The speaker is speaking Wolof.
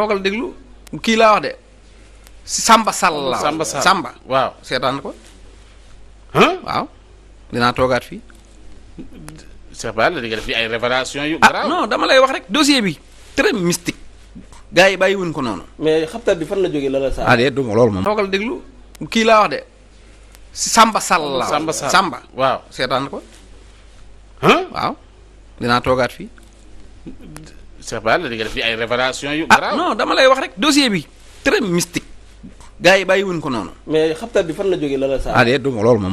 toogal déglu kii laa wax de Samba Sall laa Samba Samba waaw seetaan ko waaw dinaa toogaat fii Cheikh Bara di nga ay révélation yu ah, dama lay wax rek dossier bi très mystique gars yi bàyyi wuñ ko noonu mais xabtal bi fan la jógee la sa ah de duma loolu moom toogal déglu kii laa wax de Samba Sall laa Samba Samba waaw seetaan ko waaw dinaa toogaat fii Cheikh Bara di nga def ay révélation yu. Ah, grave non dama lay wax rek dossier bi très mystique. gars yi bàyyi wuñ ko noonu. mais xabtal bi fan la jógee la la saa. ah loolu moom.